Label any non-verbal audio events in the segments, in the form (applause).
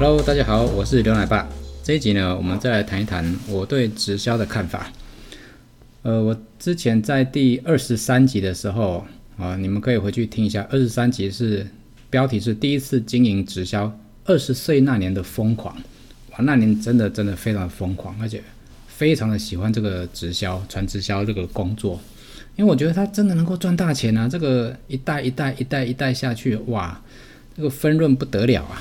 Hello，大家好，我是劉奶爸。這一集呢，我們再來談一談我對直銷的看法。呃，我之前在第二十三集的時候啊，你們可以回去聽一下。二十三集是標題是“第一次經營直銷”，二十歲那年的瘋狂。哇，那年真的真的非常瘋狂，而且非常的喜歡這個直銷、傳直銷這個工作，因為我覺得他真的能夠賺大錢啊！這個一代，一代一代一代一代下去，哇，這個分潤不得了啊！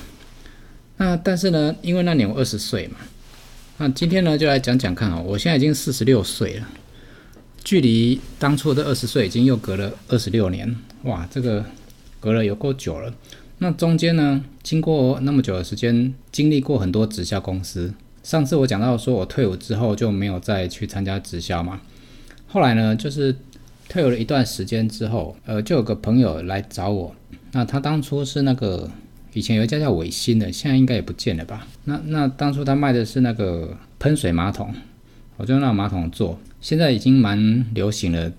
那但是呢，因為那年我二十歲嘛，那今天呢就來講講看哦，我現在已經四十六歲了，距離當初的二十歲已經又隔了二十六年，哇，這個隔了有夠久了。那中間呢，經過那麼久的時間，經歷過很多直銷公司。上次我講到說我退伍之後就沒有再去參加直銷嘛，後來呢，就是退伍了一段時間之後，呃，就有個朋友來找我，那他當初是那個。以前有一家叫偉新的，現在應該也不見了吧？那那當初他賣的是那個噴水馬桶，我就用那種馬桶座，現在已經蠻流行了，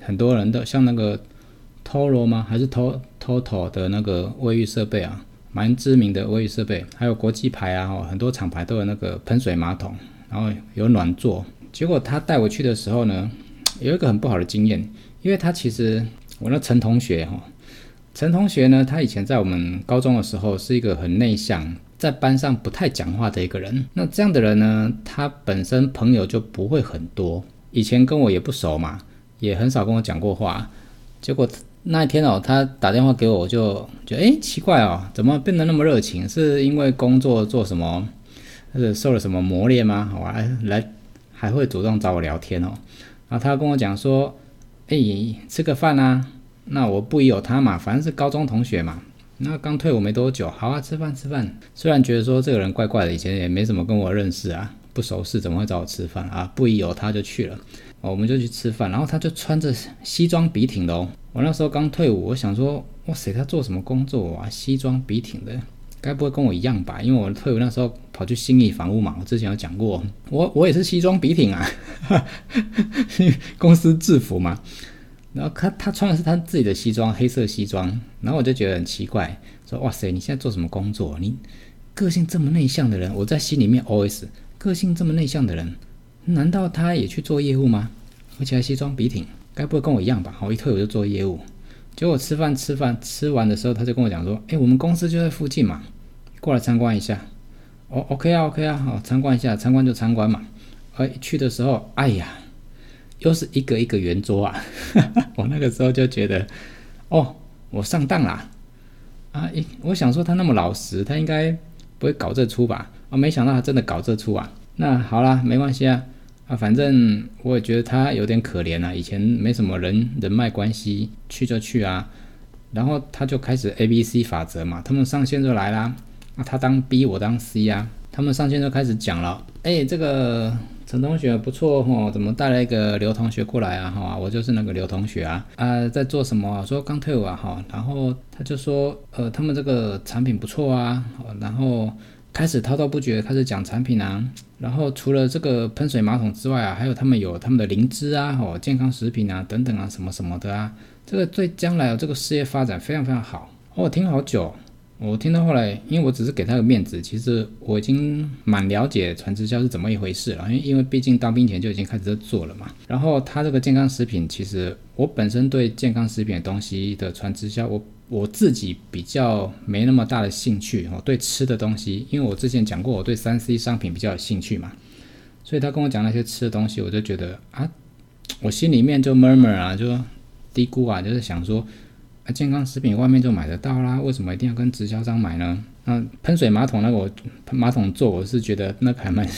很多人都像那個 Toto 嗎？還是 T Toto 的那個衛浴設備啊？蠻知名的衛浴設備，還有國際牌啊，很多廠牌都有那個噴水馬桶，然後有暖座。結果他帶我去的時候呢，有一個很不好的經驗，因為他其實我那陳同學哈、哦。陳同學呢，他以前在我們高中的時候是一個很內向，在班上不太講話的一個人。那這樣的人呢，他本身朋友就不會很多，以前跟我也不熟嘛，也很少跟我講過話。結果那一天哦，他打電話給我，我就覺得哎，奇怪哦，怎麼變得那麼熱情？是因為工作做什麼，或者受了什麼磨練嗎？好啊，來還會主動找我聊天哦。然後他跟我講說，哎、欸，吃個飯啊。那我不疑有他嘛，反正是高中同學嘛。那剛退伍沒多久，好啊，吃飯吃飯。雖然覺得說這個人怪怪的，以前也沒什麼跟我認識啊，不熟悉怎麼會找我吃飯啊？不疑有他就去了，我們就去吃飯，然後他就穿着西裝筆挺的哦。我那時候剛退伍，我想說，哇塞，他做什麼工作啊？西裝筆挺的，該不會跟我一樣吧？因為我退伍那時候跑去信義房屋嘛，我之前有講過，我我也是西裝筆挺啊，哈哈，公司制服嘛。然後他他穿的是他自己的西裝，黑色西裝。然後我就覺得很奇怪，說：“哇塞，你現在做什麼工作？你個性這麼內向的人，我在心裡面 OS：個性這麼內向的人，難道他也去做業務嗎？而且還西裝筆挺，該不會跟我一樣吧？我一退我就做業務。結果吃飯吃飯吃完的時候，他就跟我講說：“哎、欸，我們公司就在附近嘛，過來參觀一下。Oh, ”“哦，OK 啊，OK 啊，好，參觀一下，參觀就參觀嘛。”“哎，去的時候，哎呀。”又是一個一個圓桌啊！ (laughs) 我那個時候就覺得，哦，我上當啦、啊！啊、欸，我想說他那麼老實，他應該不會搞這出吧？啊、哦，沒想到他真的搞這出啊！那好啦，沒關係啊！啊，反正我也覺得他有點可憐啊，以前沒什麼人人脈關係，去就去啊。然後他就開始 A B C 法則嘛，他們上線就來啦。那、啊、他當 B，我當 C 啊。他們上線就開始講了，哎、欸，這個。陳同學不錯哈，怎麼帶了一個劉同學過來啊？哈，我就是那個劉同學啊，啊、呃，在做什麼、啊？說剛退伍哈、啊，然後他就說，呃，他們這個產品不錯啊，然後開始滔滔不絕開始講產品啊。然後除了這個噴水馬桶之外啊，還有他們有他們的靈芝啊，哦，健康食品啊，等等啊，什麼什麼的啊，這個對將來這個事業發展非常非常好哦，聽了好久。我聽到後來，因為我只是給他個面子，其實我已經蠻了解傳直銷是怎麼一回事了，因因為畢竟當兵前就已經開始在做了嘛。然後他這個健康食品，其實我本身對健康食品的東西的傳直銷，我我自己比較沒那麼大的興趣，我、哦、對吃的東西，因為我之前講過，我對三 C 商品比較有興趣嘛，所以他跟我講那些吃的東西，我就覺得啊，我心裡面就 murmur 啊，就低嘀咕啊，就是想說。健康食品外面就買得到啦，為什麼一定要跟直銷商買呢？那噴水馬桶那個我，我馬桶座我是覺得那個還蠻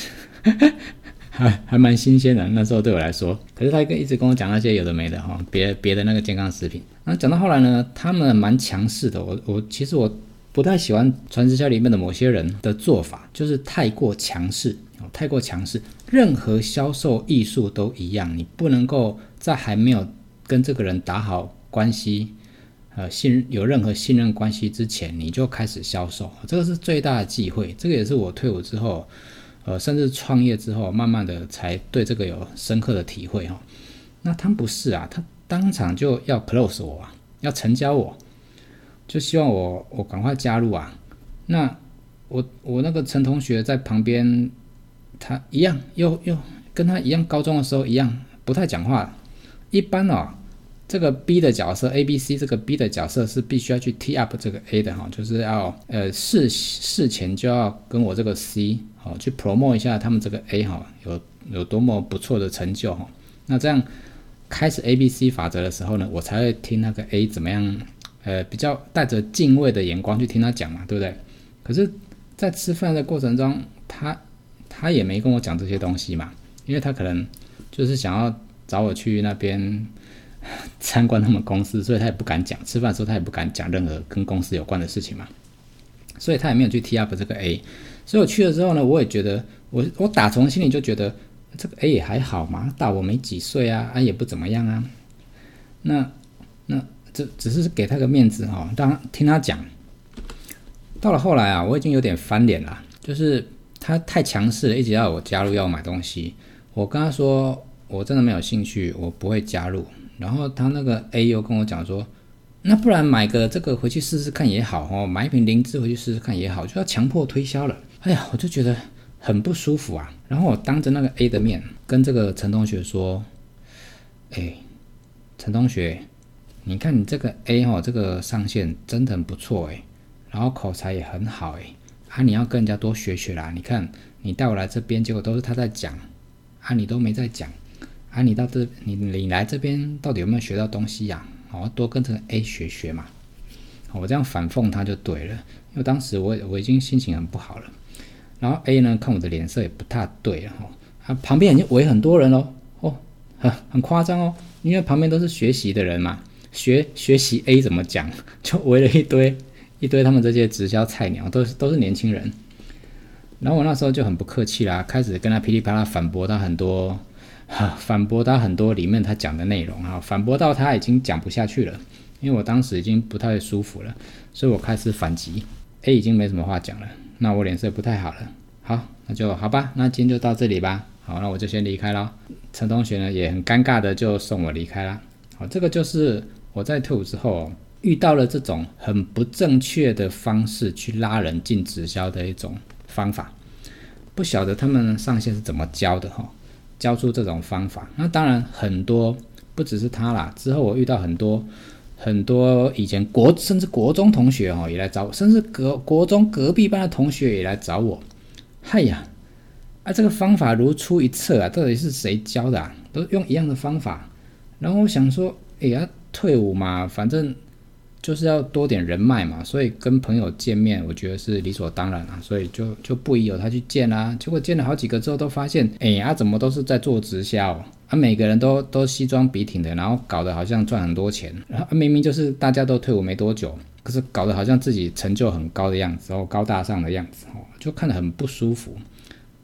還還蠻新鮮的，那時候對我來說。可是他跟一直跟我講那些有的沒的哈，別別的那個健康食品。那講到後來呢，他們蠻強勢的。我我其實我不太喜歡傳直銷裡面的某些人的做法，就是太過強勢，太過強勢。任何銷售藝術都一樣，你不能夠在還沒有跟這個人打好關係。呃，信任有任何信任關係之前，你就開始銷售，這個是最大的忌諱。這個也是我退伍之後，呃，甚至創業之後，慢慢的才對這個有深刻的體會哈、哦。那他不是啊，他當場就要 close 我啊，要成交我，就希望我我趕快加入啊。那我我那個陳同學在旁邊，他一樣又又跟他一樣，高中的時候一樣不太講話，一般啊、哦。這個 B 的角色，A、B、C 這個 B 的角色是必須要去 tee up 這個 A 的哈，就是要呃事事前就要跟我這個 C 哈去 promote 一下他們這個 A 哈，有有多麼不錯的成就哈。那這樣開始 A、B、C 法則的時候呢，我才會聽那個 A 怎麼樣，呃比較帶着敬畏的眼光去聽他講嘛，對不對？可是，在吃飯的過程中，他他也沒跟我講這些東西嘛，因為他可能就是想要找我去那邊。參觀他們公司，所以他也不敢講。吃飯的時候他也不敢講任何跟公司有關的事情嘛，所以他也沒有去 T F 這個 A。所以我去了之後呢，我也覺得，我我打從心裡就覺得這個 A 也還好嘛，大我沒幾歲啊，啊也不怎麼樣啊。那那只只是給他個面子哈、哦，當聽他講。到了後來啊，我已經有點翻臉了，就是他太強勢了，一直要我加入，要我買東西。我跟他說，我真的沒有興趣，我不會加入。然後他那個 A 又跟我講說，那不然買個這個回去試試看也好哦，買一瓶靈芝回去試試看也好，就要強迫推銷了。哎呀，我就覺得很不舒服啊。然後我當着那個 A 的面跟這個陳同學說，哎，陳同學，你看你這個 A 哈、哦，這個上線真的很不錯哎，然後口才也很好哎，啊你要跟人家多學學啦。你看你帶我來這邊，結果都是他在講，啊你都沒在講。啊，你到這，你你來這邊到底有沒有學到東西呀、啊？好、哦，多跟着 A 學學嘛。好、哦，我這樣反諷他就對了，因為當時我我已經心情很不好了。然後 A 呢，看我的臉色也不太對了。哈、哦啊，旁邊已經圍很多人嘍。哦，很誇張哦，因為旁邊都是學習的人嘛，學學習 A 怎麼講，就圍了一堆一堆他們這些直銷菜鳥，都是都是年輕人。然後我那時候就很不客氣啦，開始跟他噼里啪啦反駁他很多。反駁到很多裡面他講的內容啊，反駁到他已經講不下去了，因為我當時已經不太舒服了，所以我開始反擊誒、欸，已經沒什麼話講了，那我臉色不太好了，好，那就好吧，那今天就到這裡吧，好，那我就先離開了，陳同學呢也很尷尬的就送我離開了，好，這個就是我在退伍之後遇到了這種很不正確的方式去拉人進直銷的一種方法，不曉得他們上線是怎麼教的哈。教出這種方法，那當然很多，不只是他啦。之後我遇到很多很多以前國甚至國中同學哦，也來找我，甚至隔國中隔壁班的同學也來找我。嗨呀，啊這個方法如出一轍啊，到底是誰教的啊？都用一樣的方法。然後我想說，哎呀，退伍嘛，反正。就是要多點人脈嘛，所以跟朋友見面，我覺得是理所當然啊，所以就就不疑有他去見啦、啊。結果見了好幾個之後，都發現，哎呀，啊、怎麼都是在做直銷、哦、啊？每個人都都西裝筆挺的，然後搞得好像賺很多錢，然後、啊、明明就是大家都退伍沒多久，可是搞得好像自己成就很高的樣子，哦，高大上的樣子，哦，就看得很不舒服。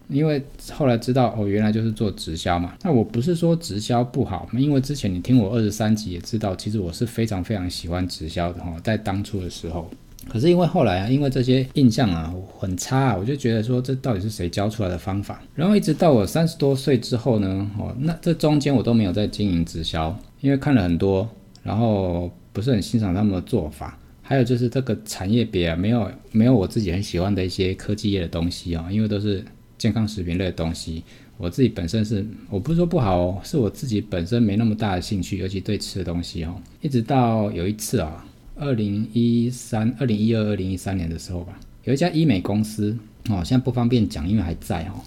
因為後來知道哦，原來就是做直銷嘛。那我不是說直銷不好，因為之前你聽我二十三集也知道，其實我是非常非常喜歡直銷的哈，哦，在當初的時候。可是因為後來啊，因為這些印象啊很差啊，我就覺得說這到底是誰教出來的方法？然後一直到我三十多歲之後呢，哦，那這中間我都沒有在經營直銷，因為看了很多，然後不是很欣賞他們的做法。還有就是這個產業別啊，沒有沒有我自己很喜歡的一些科技業的東西哦，因為都是。健康食品類的東西，我自己本身是，我不是說不好哦，是我自己本身沒那麼大的興趣，尤其對吃的東西哦。一直到有一次啊、哦，二零一三、二零一二、二零一三年的時候吧，有一家醫美公司哦，現在不方便講，因為還在哦。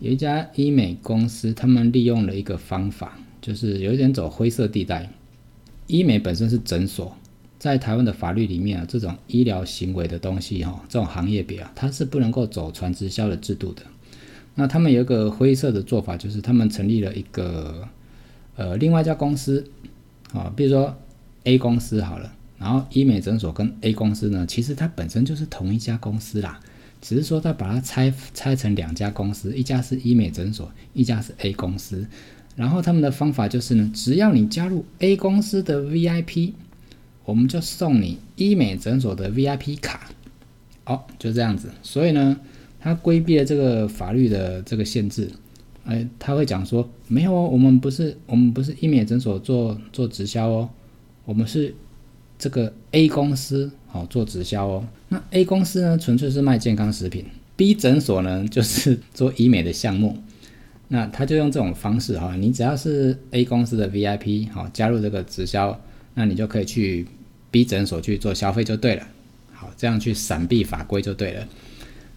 有一家醫美公司，他們利用了一個方法，就是有一點走灰色地帶。醫美本身是診所。在台灣的法律裡面啊，這種醫療行為的東西，哈，這種行業別啊，它是不能夠走傳直銷的制度的。那他們有一個灰色的做法，就是他們成立了一個呃另外一家公司啊，比如說 A 公司好了，然後醫美診所跟 A 公司呢，其實它本身就是同一家公司啦，只是說它把它拆拆成兩家公司，一家是醫美診所，一家是 A 公司。然後他們的方法就是呢，只要你加入 A 公司的 VIP，我們就送你醫美診所的 VIP 卡，哦、oh，就這樣子。所以呢，他規避了這個法律的這個限制，哎，他會講說，沒有哦，我們不是我們不是醫美診所做做直銷哦，我們是這個 A 公司哦，做直銷哦。那 A 公司呢，純粹是賣健康食品，B 診所呢就是做醫美的項目。那他就用這種方式哈、哦，你只要是 A 公司的 VIP 好、哦、加入這個直銷，那你就可以去逼診所去做消費就對了，好，這樣去閃避法規就對了。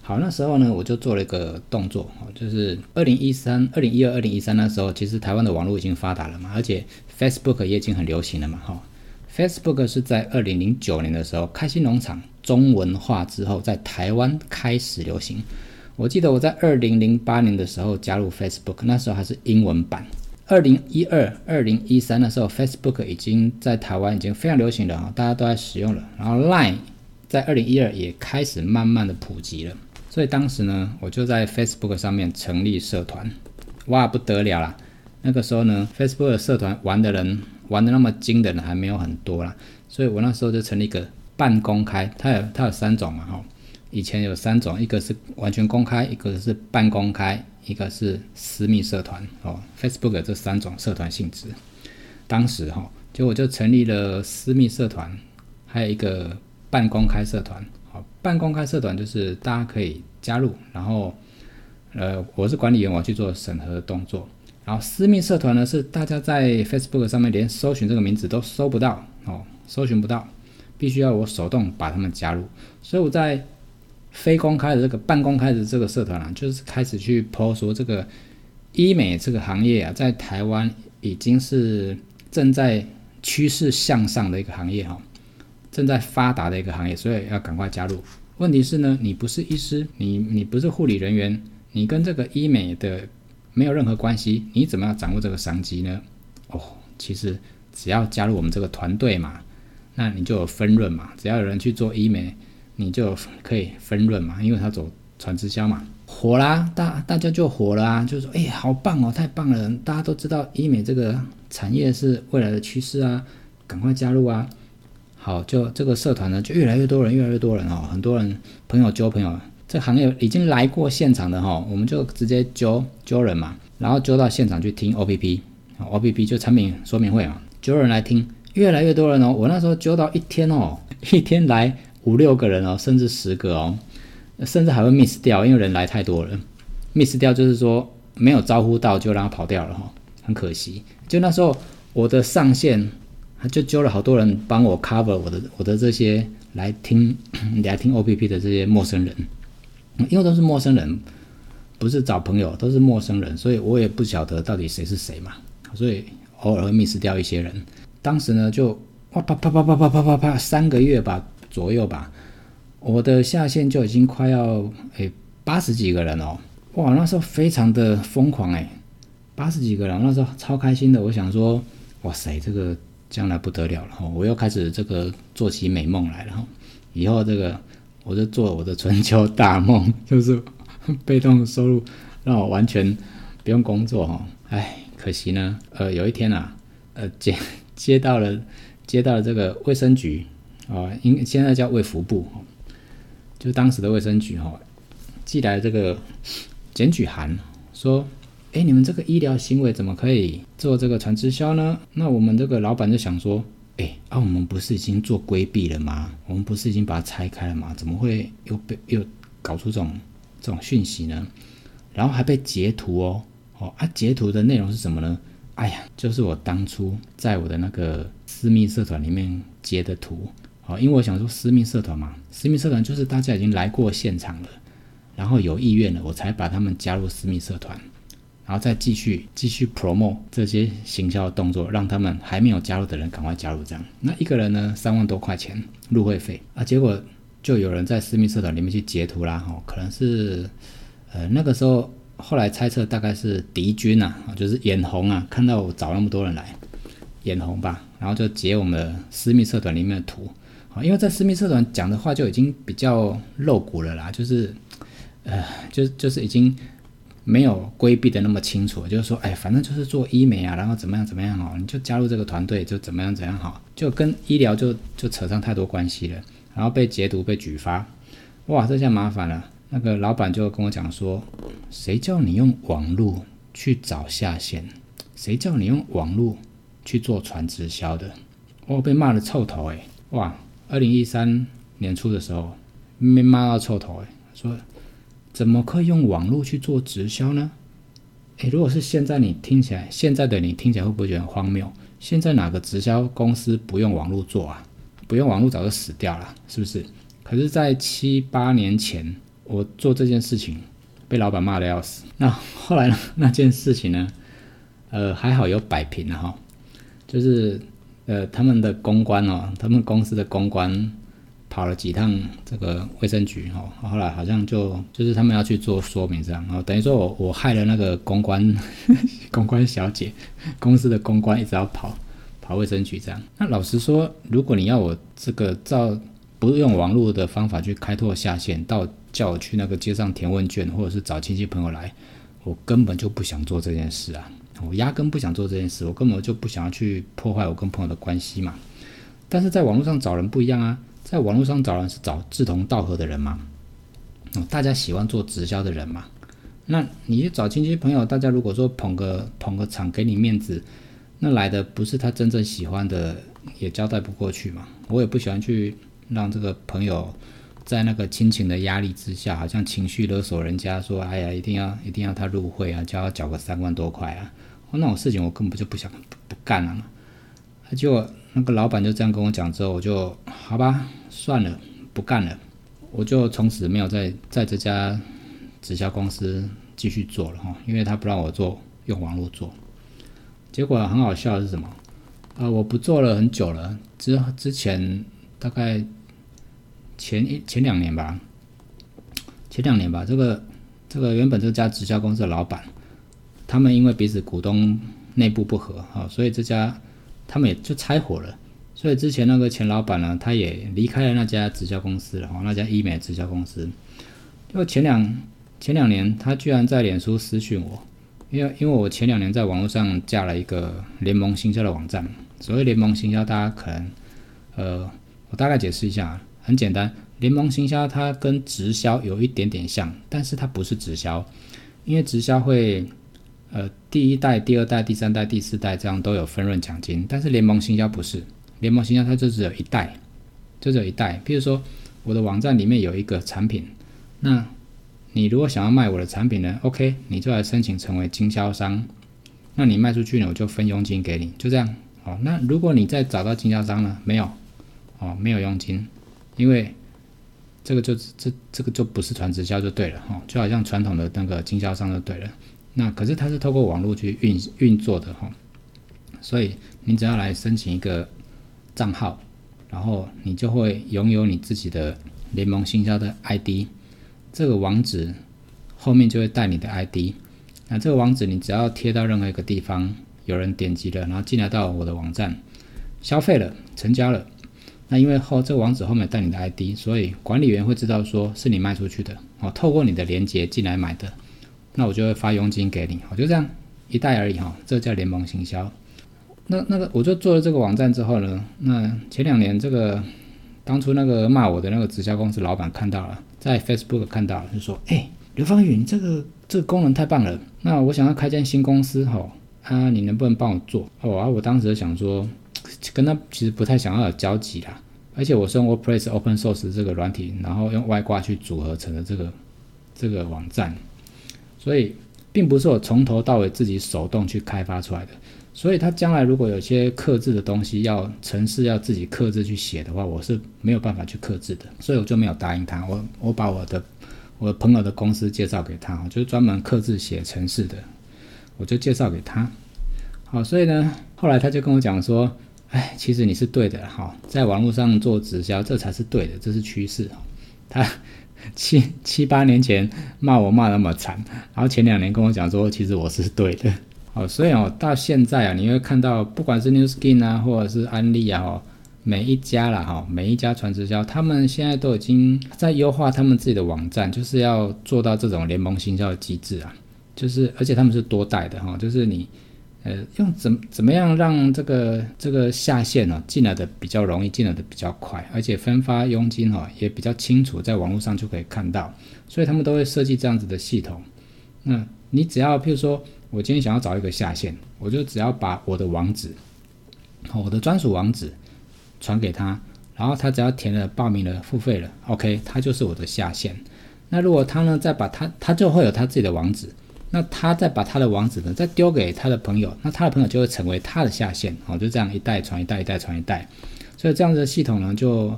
好，那時候呢，我就做了一個動作，就是二零一三、二零一二、二零一三那時候，其實台灣的網絡已經發達了嘛，而且 Facebook 也已經很流行了嘛，哈、哦。Facebook 是在二零零九年的時候，開心農場中文化之後，在台灣開始流行。我記得我在二零零八年的時候加入 Facebook，那時候還是英文版。二零一二、二零一三的時候，Facebook 已經在台灣已經非常流行了啊，大家都在使用了。然後 Line 在二零一二也開始慢慢的普及了。所以當時呢，我就在 Facebook 上面成立社團，哇不得了啦！那個時候呢，Facebook 的社團玩的人玩的那麼精的人還沒有很多啦。所以我那時候就成立一個半公開，它有它有三種嘛，吼。以前有三種，一個是完全公開，一個是半公開，一個是私密社團哦。Facebook 這三種社團性質，當時哈、哦、就我就成立了私密社團，還有一個半公開社團。哦，半公開社團就是大家可以加入，然後呃我是管理員，我去做審核的動作。然後私密社團呢是大家在 Facebook 上面連搜尋這個名字都搜不到哦，搜尋不到，必須要我手動把他們加入。所以我在。非公開的這個半公開的這個社團啊，就是開始去拋說這個醫美這個行業啊，在台灣已經是正在趨勢向上的一個行業哈、哦，正在發達的一個行業，所以要趕快加入。問題是呢，你不是醫師，你你不是護理人員，你跟這個醫美的沒有任何關係，你怎麼樣掌握這個商機呢？哦，其實只要加入我們這個團隊嘛，那你就有分潤嘛，只要有人去做醫美。你就可以分潤嘛，因為他走船直銷嘛，火啦，大大家就火啦，就說哎、欸，好棒哦，太棒了，大家都知道醫美這個產業是未來的趨勢啊，趕快加入啊！好，就這個社團呢，就越來越多人，越來越多人哦，很多人朋友交朋友，這行業已經來過現場的哈、哦，我們就直接揪揪人嘛，然後揪到現場去聽 O P P，O P P 就產品說明會嘛，揪人來聽，越來越多人哦，我那時候揪到一天哦，一天來。五六個人哦，甚至十個哦，甚至還會 miss 掉，因為人來太多了，miss 掉就是說沒有招呼到，就讓他跑掉了哈哦，很可惜。就那時候我的上線，他就揪了好多人幫我 cover 我的我的這些來聽來聽 OPP 的這些陌生人，嗯，因為都是陌生人，不是找朋友，都是陌生人，所以我也不曉得到底誰是誰嘛，所以偶爾會 miss 掉一些人。當時呢，就哇啪啪啪啪啪啪啪啪啪，三個月吧。左右吧，我的下線就已經快要誒八十幾個人哦、喔，哇，那時候非常的瘋狂誒、欸，八十幾個人，那時候超開心的。我想說，哇塞，這個將來不得了了、喔，我又開始這個做起美夢來了、喔。以後這個我就做我的春秋大夢，就是被動的收入讓我完全不用工作、喔。哈，哎，可惜呢，呃，有一天啊，呃接接到了接到了這個衛生局。啊，因，現在叫衛福部，就當時的衛生局哈，寄來這個檢舉函，說，哎，你們這個醫療行為怎麼可以做這個傳直銷呢？那我們這個老闆就想說，哎，啊，我們不是已經做規避了嗎？我們不是已經把它拆開了嗎？怎麼會又被又搞出這種這種訊息呢？然後還被截圖哦，哦，啊，截圖的內容是什麼呢？哎呀，就是我當初在我的那個私密社團裡面截的圖。好，因為我想說，私密社團嘛，私密社團就是大家已經來過現場了，然後有意願了，我才把他們加入私密社團，然後再繼續繼續 promote 這些行銷的動作，讓他們還沒有加入的人趕快加入。這樣，那一個人呢，三萬多塊錢入會費啊，結果就有人在私密社團裡面去截圖啦，哈、哦，可能是呃那個時候後來猜測大概是敵軍啊，就是眼紅啊，看到我找那麼多人來，眼紅吧，然後就截我們的私密社團裡面的圖。因為在私密社團講的話就已經比較露骨了啦，就是，呃，就就是已經沒有規避的那麼清楚，就是說，哎，反正就是做醫美啊，然後怎麼樣怎麼樣哦，你就加入這個團隊就怎麼樣怎麼樣好，就跟醫療就就扯上太多關係了，然後被截圖被舉發，哇，這下麻煩了。那個老闆就跟我講說，誰叫你用網絡去找下線，誰叫你用網絡去做傳直銷的，哦，被罵得臭頭哎，哇。二零一三年初的時候，被罵到臭頭哎、欸，說怎麼可以用網絡去做直銷呢？哎，如果是現在你聽起來，現在的你聽起來會不會覺得很荒謬？現在哪個直銷公司不用網絡做啊？不用網絡早就死掉了，是不是？可是，在七八年前，我做這件事情，被老板罵得要死。那後來呢？那件事情呢？呃，還好有擺平了哈，就是。呃，他們的公關哦，他們公司的公關跑了幾趟這個衛生局哦，後來好像就就是他們要去做說明這樣，然後，哦，等於說我我害了那個公關公關，小姐，公司的公關一直要跑跑衛生局這樣。那老實說，如果你要我這個照不用網絡的方法去開拓下線，到叫我去那個街上填問卷或者是找親戚朋友來，我根本就不想做這件事啊。我壓根不想做這件事，我根本就不想要去破壞我跟朋友的關係嘛。但是在網絡上找人不一樣啊，在網絡上找人是找志同道合的人嘛，哦，大家喜歡做直銷的人嘛。那你去找親戚朋友，大家如果說捧個捧個場給你面子，那來的不是他真正喜歡的，也交代不過去嘛。我也不喜歡去讓這個朋友在那個親情的壓力之下，好像情緒勒索人家說，哎呀，一定要一定要他入會啊，就要繳個三萬多塊啊。那種事情我根本就不想，不幹了嘛，他就那個老闆就這樣跟我講之後，我就好吧，算了，不幹了，我就從此沒有在在這家直銷公司繼續做了哈，因為他不讓我做用網絡做。結果很好笑的是什麼？啊，我不做了很久了，之之前大概前一前兩年吧，前兩年吧，這個這個原本這家直銷公司的老闆。他們因為彼此股東內部不和，所以這家他們也就拆夥了。所以之前那個錢老板呢，他也離開了那家直銷公司。然後那家醫美直銷公司。因為前兩前兩年，他居然在臉書私訊我，因為因為我前兩年在網絡上架了一個聯盟行銷的網站，所謂聯盟行銷，大家可能呃，我大概解釋一下，很簡單，聯盟行銷它跟直銷有一點點像，但是它不是直銷，因為直銷會。呃，第一代、第二代、第三代、第四代這樣都有分潤獎金，但是聯盟行銷不是，聯盟行銷它就只有一代，就只有一代。比如說我的網站裡面有一個產品，那你如果想要賣我的產品呢，OK，你就來申請成為經銷商，那你賣出去呢，我就分佣金給你，就這樣。哦，那如果你再找到經銷商呢？沒有，哦，沒有佣金，因為這個就這這個就不是傳直銷就對了，哦，就好像傳統的那個經銷商就對了。那可是它是透過網絡去運運作的哈，所以你只要來申請一個賬號，然後你就會擁有你自己的聯盟行銷的 ID，這個網址後面就會帶你的 ID。那這個網址你只要貼到任何一個地方，有人點擊了，然後進來到我的網站消費了，成交了，那因為後這個網址後面帶你的 ID，所以管理員會知道說是你賣出去的哦，透過你的鏈接進來買的。那我就會發佣金給你，我就這樣一代而已哈、哦。這叫聯盟行銷。那那個，我就做了這個網站之後呢，那前兩年這個當初那個罵我的那個直銷公司老板看到了，在 Facebook 看到了，就說：“哎，劉方宇，你這個這個功能太棒了，那我想要開間新公司哈、哦，啊，你能不能幫我做？”哦啊，我當時想說，跟他其實不太想要有交集啦。而且我是用 WordPress Open Source 這個軟體，然後用外掛去組合成的這個這個網站。所以，並不是我從頭到尾自己手動去開發出來的。所以他將來如果有些客製的東西要，要程式要自己客製去寫的話，我是沒有辦法去客製的。所以我就沒有答應他。我我把我的我的朋友的公司介紹給他，就是專門客製寫程式的，我就介紹給他。好，所以呢，後來他就跟我講說：“哎，其實你是對的，在網絡上做直銷這才是對的，這是趨勢。”他。七七八年前罵我罵那麼慘，然後前兩年跟我講說，其實我是對的，哦，所以哦，到現在啊，你會看到不管是 Nu Skin 啊，或者是安利啊，哦、每一家了哈、哦，每一家傳直銷，他們現在都已經在優化他們自己的網站，就是要做到這種聯盟行銷的機制啊，就是而且他們是多代的哈、哦，就是你。呃，用，怎怎麼樣讓這個這個下線哦進來的比較容易，進來的比較快，而且分發佣金哈、哦、也比較清楚，在網絡上就可以看到，所以他們都會設計這樣子的系統。那你只要，譬如說我今天想要找一個下線，我就只要把我的網址，我的專屬網址，傳給他，然後他只要填了報名了付費了，OK，他就是我的下線。那如果他呢再把他，他就會有他自己的網址。那他再把他的網址呢，再丟給他的朋友，那他的朋友就會成為他的下線，哦，就這樣一代傳一代，一代傳一代，所以這樣子的系統呢，就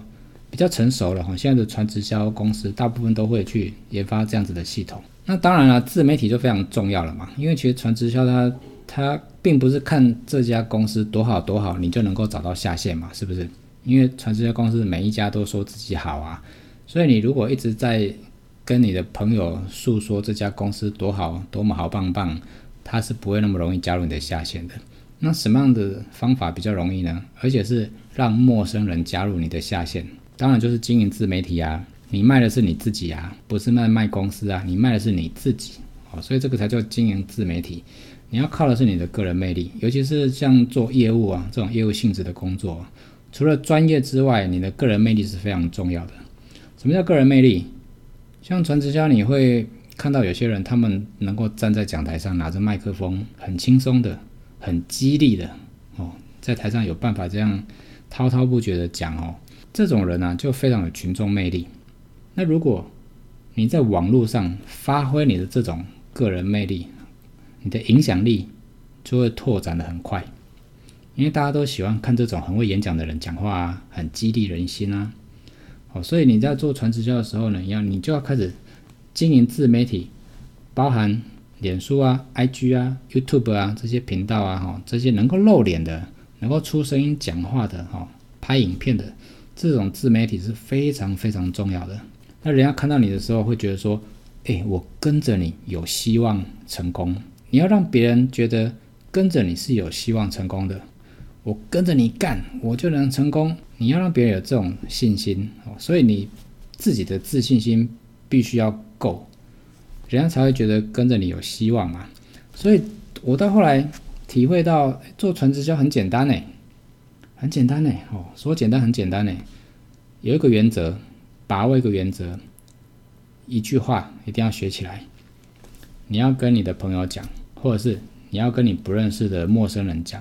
比較成熟了哈、哦。現在的傳直銷公司大部分都會去研發這樣子的系統。那當然了、啊，自媒體就非常重要了嘛，因為其實傳直銷它它並不是看這家公司多好多好，你就能夠找到下線嘛，是不是？因為傳直銷公司每一家都說自己好啊，所以你如果一直在，跟你的朋友訴說這家公司多好，多麼好棒棒，他是不會那麼容易加入你的下線的。那什麼樣的方法比較容易呢？而且是讓陌生人加入你的下線，當然就是經營自媒體啊。你賣的是你自己啊，不是賣賣公司啊，你賣的是你自己哦。所以這個才叫經營自媒體。你要靠的是你的個人魅力，尤其是像做業務啊這種業務性質的工作，除了專業之外，你的個人魅力是非常重要的。什麼叫個人魅力？像傳直銷，你會看到有些人，他們能夠站在講台上，拿着麥克風，很輕鬆的、很激勵的哦，在台上有辦法這樣滔滔不絕的講哦。這種人呢、啊，就非常有群眾魅力。那如果你在網絡上發揮你的這種個人魅力，你的影響力就會拓展得很快，因為大家都喜歡看這種很會演講的人講話啊，很激勵人心啊。哦，所以你在做傳直銷的時候呢，一樣，你就要開始經營自媒體，包含臉書啊、IG 啊、YouTube 啊這些頻道啊，哈，這些能夠露臉的、能夠出聲音講話的、哈，拍影片的這種自媒體是非常非常重要的。那人家看到你的時候會覺得說，哎、欸，我跟着你有希望成功。你要讓別人覺得跟着你是有希望成功的，我跟着你幹，我就能成功。你要讓別人有這種信心哦，所以你自己的自信心必須要夠，人家才會覺得跟着你有希望嘛。所以我到後來體會到做傳直銷很簡單呢、欸，很簡單呢，哦，說簡單很簡單呢、欸，有一個原則，把握一個原則，一句話一定要學起來，你要跟你的朋友講，或者是你要跟你不認識的陌生人講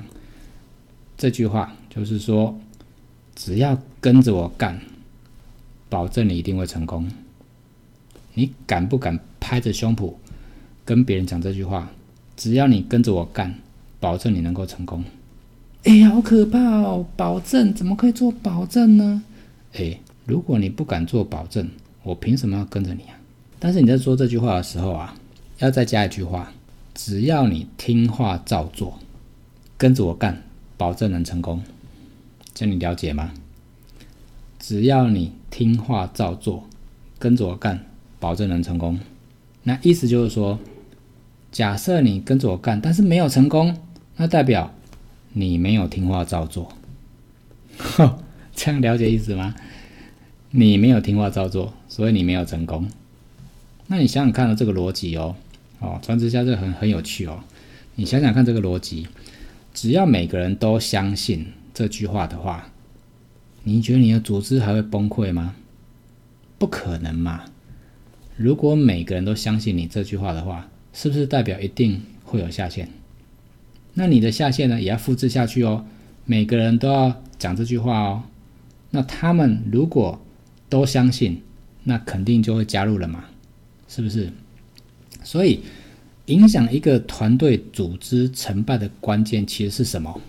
這句話，就是說。只要跟着我幹，保證你一定會成功。你敢不敢拍着胸脯跟別人講這句話？只要你跟着我幹，保證你能夠成功。哎、欸，好可怕哦！保證怎麼可以做保證呢？哎、欸，如果你不敢做保證，我憑什麼要跟着你啊？但是你在說這句話的時候啊，要再加一句話：只要你聽話照做，跟着我幹，保證能成功。這你了解嗎？只要你聽話照做，跟着我幹，保證能成功。那意思就是說，假設你跟着我幹，但是沒有成功，那代表你沒有聽話照做。呵，這樣了解意思嗎？你沒有聽話照做，所以你沒有成功。那你想想看，了這個邏輯哦，哦，傳直銷這個很很有趣哦。你想想看這個邏輯，只要每個人都相信。這句話的話，你覺得你的組織還會崩潰嗎？不可能嘛！如果每個人都相信你這句話的話，是不是代表一定會有下線？那你的下線呢，也要複製下去哦。每個人都要講這句話哦。那他們如果都相信，那肯定就會加入了嘛，是不是？所以，影響一個團隊組織成敗的關鍵其實是什麼？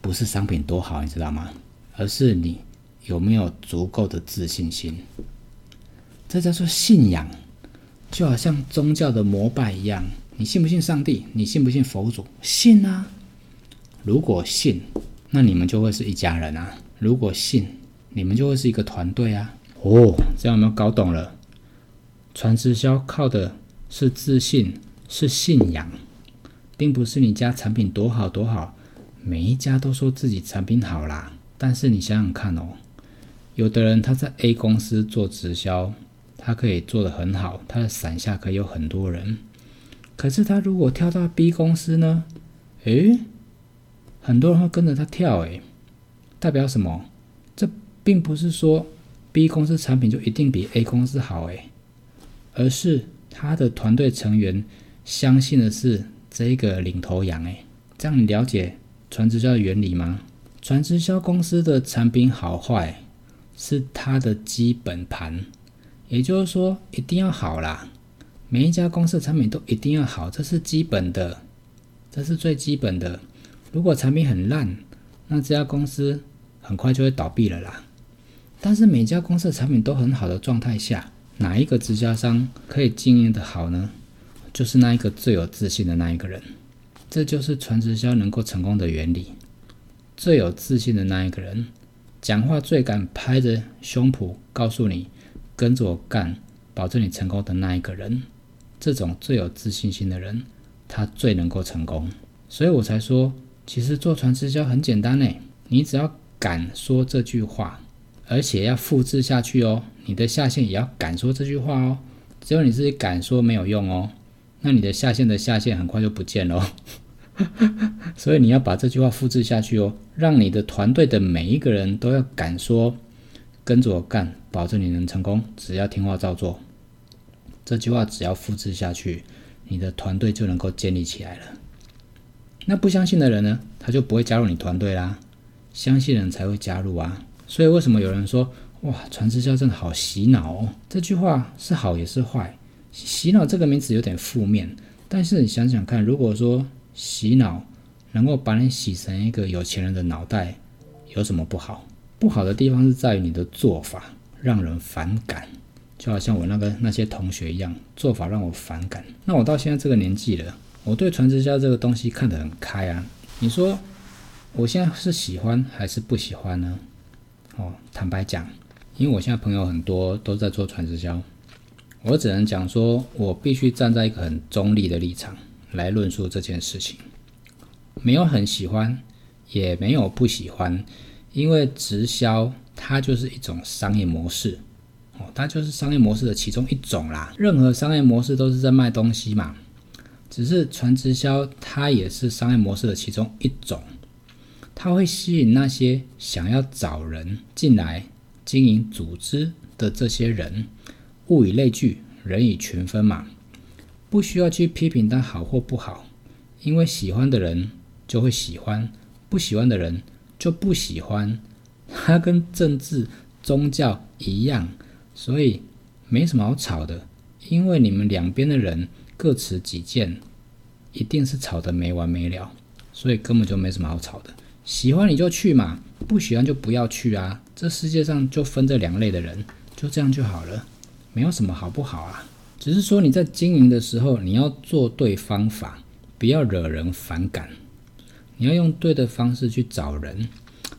不是商品多好，你知道嗎？而是你有沒有足夠的自信心？這叫做信仰，就好像宗教的膜拜一樣。你信不信上帝？你信不信佛祖？信啊！如果信，那你們就會是一家人啊！如果信，你們就會是一個團隊啊！哦，這樣我們搞懂了，傳直銷靠的是自信，是信仰，並不是你家產品多好多好。每一家都說自己產品好啦，但是你想想看哦，有的人他在 A 公司做直銷，他可以做得很好，他的傘下可以有很多人。可是他如果跳到 B 公司呢？誒，很多人會跟着他跳，誒，代表什麼？這並不是說 B 公司產品就一定比 A 公司好，誒，而是他的團隊成員相信的是這個領頭羊，誒，這樣你了解，傳直銷的原理嗎？傳直銷公司的產品好壞是它的基本盤，也就是說一定要好啦。每一家公司的產品都一定要好，這是基本的，這是最基本的。如果產品很爛，那這家公司很快就會倒閉了啦。但是每一家公司的產品都很好的狀態下，哪一個直銷商可以經營的好呢？就是那一個最有自信的那一個人。這就是傳直銷能夠成功的原理。最有自信的那一個人，講話最敢拍着胸脯告訴你，跟着我幹，保證你成功的那一個人，這種最有自信心的人，他最能夠成功。所以我才說，其實做傳直銷很簡單嘞，你只要敢說這句話，而且要複製下去哦，你的下線也要敢說這句話哦。只有你自己敢說沒有用哦，那你的下線的下線很快就不見了。 (laughs) 所以你要把這句話複製下去哦，讓你的團隊的每一個人都要敢說，跟着我幹，保證你能成功。只要聽話照做，這句話只要複製下去，你的團隊就能夠建立起來了。那不相信的人呢，他就不會加入你團隊啦。相信人才會加入啊。所以為什麼有人說，哇，傳直銷真的好洗腦哦。這句話是好也是壞，洗腦這個名詞有點負面，但是你想想看，如果說，洗腦能夠把你洗成一個有錢人的腦袋，有什麼不好？不好的地方是在於你的做法讓人反感，就好像我那個那些同學一樣，做法讓我反感。那我到現在這個年紀了，我對傳直銷這個東西看得很開啊。你說我現在是喜歡還是不喜歡呢？哦，坦白講，因為我現在朋友很多都在做傳直銷，我只能講說我必須站在一個很中立的立場。來論述這件事情，沒有很喜歡，也沒有不喜歡，因為直銷它就是一種商業模式，哦，它就是商業模式的其中一種啦。任何商業模式都是在賣東西嘛，只是傳直銷它也是商業模式的其中一種，它會吸引那些想要找人進來經營組織的這些人，物以類聚，人以群分嘛。不需要去批評他好或不好，因為喜歡的人就會喜歡，不喜歡的人就不喜歡。他跟政治、宗教一樣，所以沒什麼好吵的。因為你們兩邊的人各持己見，一定是吵得沒完沒了，所以根本就沒什麼好吵的。喜歡你就去嘛，不喜歡就不要去啊。這世界上就分這兩類的人，就這樣就好了，沒有什麼好不好啊。只是說你在經營的時候，你要做對方法，不要惹人反感。你要用對的方式去找人，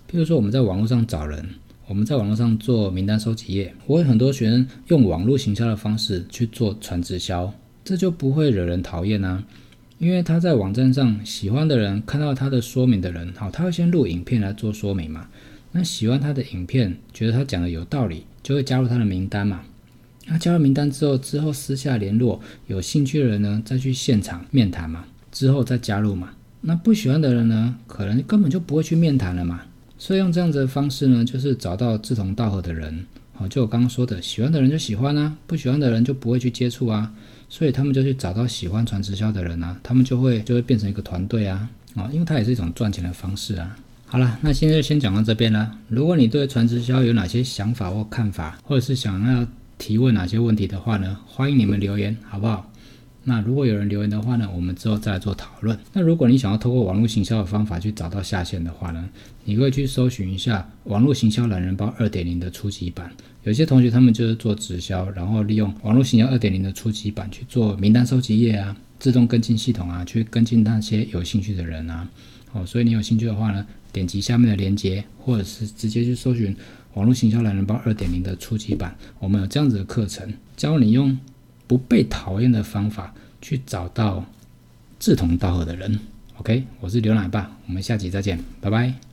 比如說我們在網絡上找人，我們在網絡上做名單收集頁。我有很多學生用網絡行銷的方式去做傳直銷，這就不會惹人討厭啊。因為他在網站上喜歡的人看到他的說明的人，好，他會先錄影片來做說明嘛。那喜歡他的影片，覺得他講的有道理，就會加入他的名單嘛。那加入名單之後，之後私下聯絡有興趣的人呢，再去現場面談嘛，之後再加入嘛。那不喜歡的人呢，可能根本就不會去面談了嘛。所以用這樣子的方式呢，就是找到志同道合的人。好、哦，就我剛剛說的，喜歡的人就喜歡啊，不喜歡的人就不會去接觸啊。所以他們就去找到喜歡傳直銷的人啊，他們就會就會變成一個團隊啊。哦，因為它也是一種賺錢的方式啊。好了，那現在就先講到這邊了。如果你對傳直銷有哪些想法或看法，或者是想要提問哪些問題的話呢？歡迎你們留言，好不好？那如果有人留言的話呢，我們之後再來做討論。那如果你想要透過網絡行銷的方法去找到下線的話呢，你可以去搜尋一下《網絡行銷懶人包二點零》的初級版。有些同學他們就是做直銷，然後利用網絡行銷二點零的初級版去做名單收集頁啊、自動跟進系統啊，去跟進那些有興趣的人啊。哦，所以你有興趣的話呢，點擊下面的鏈接，或者是直接去搜尋。網絡行銷懶人包2.0的初級版，我們有這樣子的課程，教你用不被討厭的方法去找到志同道合的人。OK，我是劉奶爸，我們下集再見，拜拜。